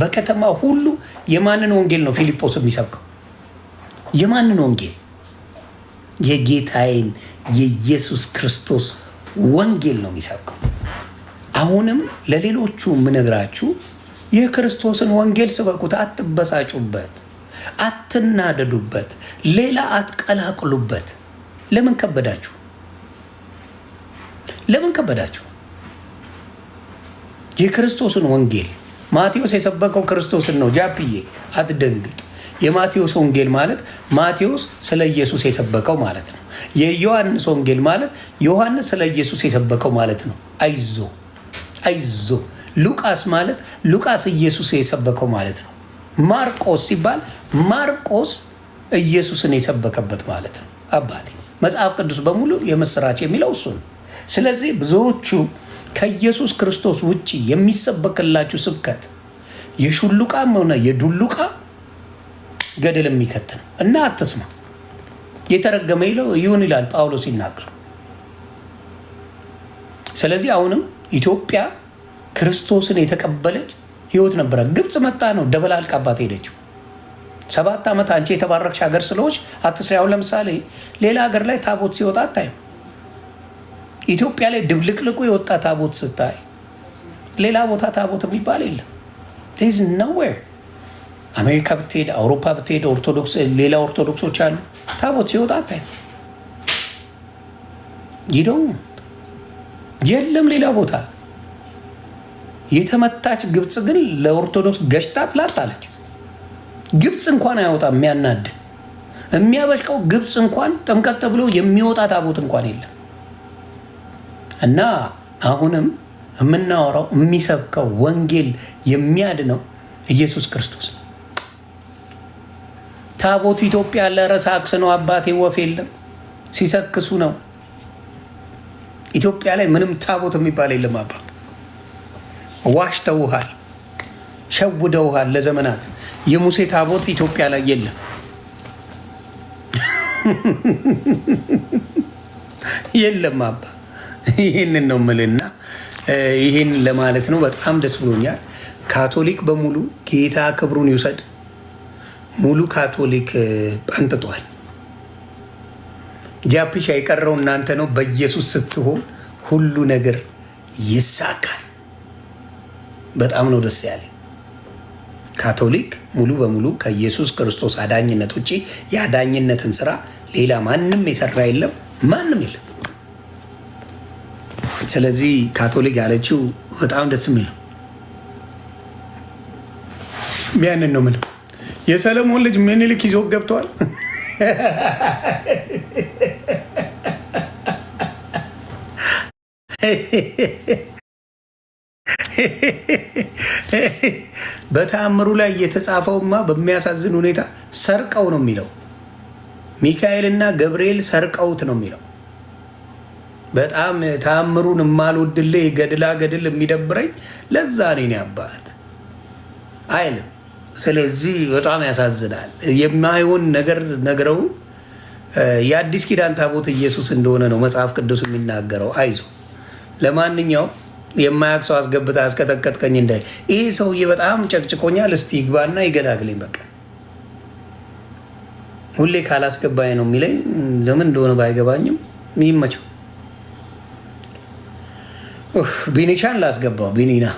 በከተማ ሁሉ የማንን ወንጌል ነው ፊልጶስ የሚሰብከው? የማንን ወንጌል? የጌታዬን የኢየሱስ ክርስቶስ ወንጌል ነው የሚሰብከው። አሁንም ለሌሎቹ የምነግራችሁ የክርስቶስን ወንጌል ስበኩት። አትበሳጩበት፣ አትናደዱበት፣ ሌላ አትቀላቅሉበት። ለምን ከበዳችሁ? ለምን ከበዳችሁ? የክርስቶስን ወንጌል ማቴዎስ የሰበከው ክርስቶስን ነው። ጃፕዬ አትደንግጥ። የማቴዎስ ወንጌል ማለት ማቴዎስ ስለ ኢየሱስ የሰበከው ማለት ነው። የዮሐንስ ወንጌል ማለት ዮሐንስ ስለ ኢየሱስ የሰበከው ማለት ነው። አይዞ አይዞ። ሉቃስ ማለት ሉቃስ ኢየሱስ የሰበከው ማለት ነው። ማርቆስ ሲባል ማርቆስ ኢየሱስን የሰበከበት ማለት ነው። አባቴ መጽሐፍ ቅዱስ በሙሉ የምስራች የሚለው እሱ ነው። ስለዚህ ብዙዎቹ ከኢየሱስ ክርስቶስ ውጭ የሚሰበክላችሁ ስብከት የሹሉቃም ሆነ የዱሉቃ ገደል የሚከት ነው እና አትስማ። የተረገመ ይለው ይሁን ይላል ጳውሎስ ይናገር። ስለዚህ አሁንም ኢትዮጵያ ክርስቶስን የተቀበለች ህይወት ነበረ። ግብፅ መጣ ነው ደበላልቃባት ሄደችው። ሰባት ዓመት አንቺ የተባረክሽ ሀገር ስለሆንሽ አትስሪ። አሁን ለምሳሌ ሌላ ሀገር ላይ ታቦት ሲወጣ አታይም። ኢትዮጵያ ላይ ድብልቅልቁ የወጣ ታቦት ስታይ ሌላ ቦታ ታቦት የሚባል የለም። ዝ ነዌር አሜሪካ ብትሄድ አውሮፓ ብትሄድ ኦርቶዶክስ ሌላ ኦርቶዶክሶች አሉ። ታቦት ሲወጣ ታይ ይደው የለም ሌላ ቦታ። የተመታች ግብፅ ግን ለኦርቶዶክስ ገጭታ አለች። ግብፅ እንኳን አያወጣ የሚያናድ የሚያበሽቀው ግብፅ እንኳን ጥምቀት ተብሎ የሚወጣ ታቦት እንኳን የለም። እና አሁንም የምናወራው የሚሰብከው ወንጌል የሚያድነው ኢየሱስ ክርስቶስ ታቦቱ ኢትዮጵያ ለረ አክስ ነው አባቴ፣ ወፍ የለም ሲሰክሱ ነው። ኢትዮጵያ ላይ ምንም ታቦት የሚባል የለም አባ ዋሽተውሃል፣ ሸውደውሃል ለዘመናት። የሙሴ ታቦት ኢትዮጵያ ላይ የለም። የለም አባ ይህንን ነው ምልና ይህን ለማለት ነው። በጣም ደስ ብሎኛል። ካቶሊክ በሙሉ ጌታ ክብሩን ይውሰድ። ሙሉ ካቶሊክ ጠንጥጧል። ጃፒሻ የቀረው እናንተ ነው። በኢየሱስ ስትሆን ሁሉ ነገር ይሳካል። በጣም ነው ደስ ያለኝ። ካቶሊክ ሙሉ በሙሉ ከኢየሱስ ክርስቶስ አዳኝነት ውጭ የአዳኝነትን ስራ ሌላ ማንም የሰራ የለም፣ ማንም የለም። ስለዚህ ካቶሊክ ያለችው በጣም ደስ የሚል ያንን ነው የምልህ። የሰለሞን ልጅ ምኒልክ ይዞ ገብተዋል። በተአምሩ ላይ የተጻፈውማ በሚያሳዝን ሁኔታ ሰርቀው ነው የሚለው። ሚካኤልና ገብርኤል ሰርቀውት ነው የሚለው በጣም ተአምሩን የማልወድልህ ገድላ ገድል የሚደብረኝ ለዛ ኔን ያባት አይልም። ስለዚህ በጣም ያሳዝናል። የማይሆን ነገር ነግረው የአዲስ ኪዳን ታቦት ኢየሱስ እንደሆነ ነው መጽሐፍ ቅዱስ የሚናገረው። አይዞ ለማንኛውም የማያውቅ ሰው አስገብታ አስቀጠቀጥቀኝ እንዳይል። ይህ ሰውዬ በጣም ጨቅጭቆኛል። እስቲ ይግባና ይገላግለኝ። በቃ ሁሌ ካላስገባኝ ነው የሚለኝ። ለምን እንደሆነ ባይገባኝም ይመቸው። ቢኒቻን ላስገባው ቢኒና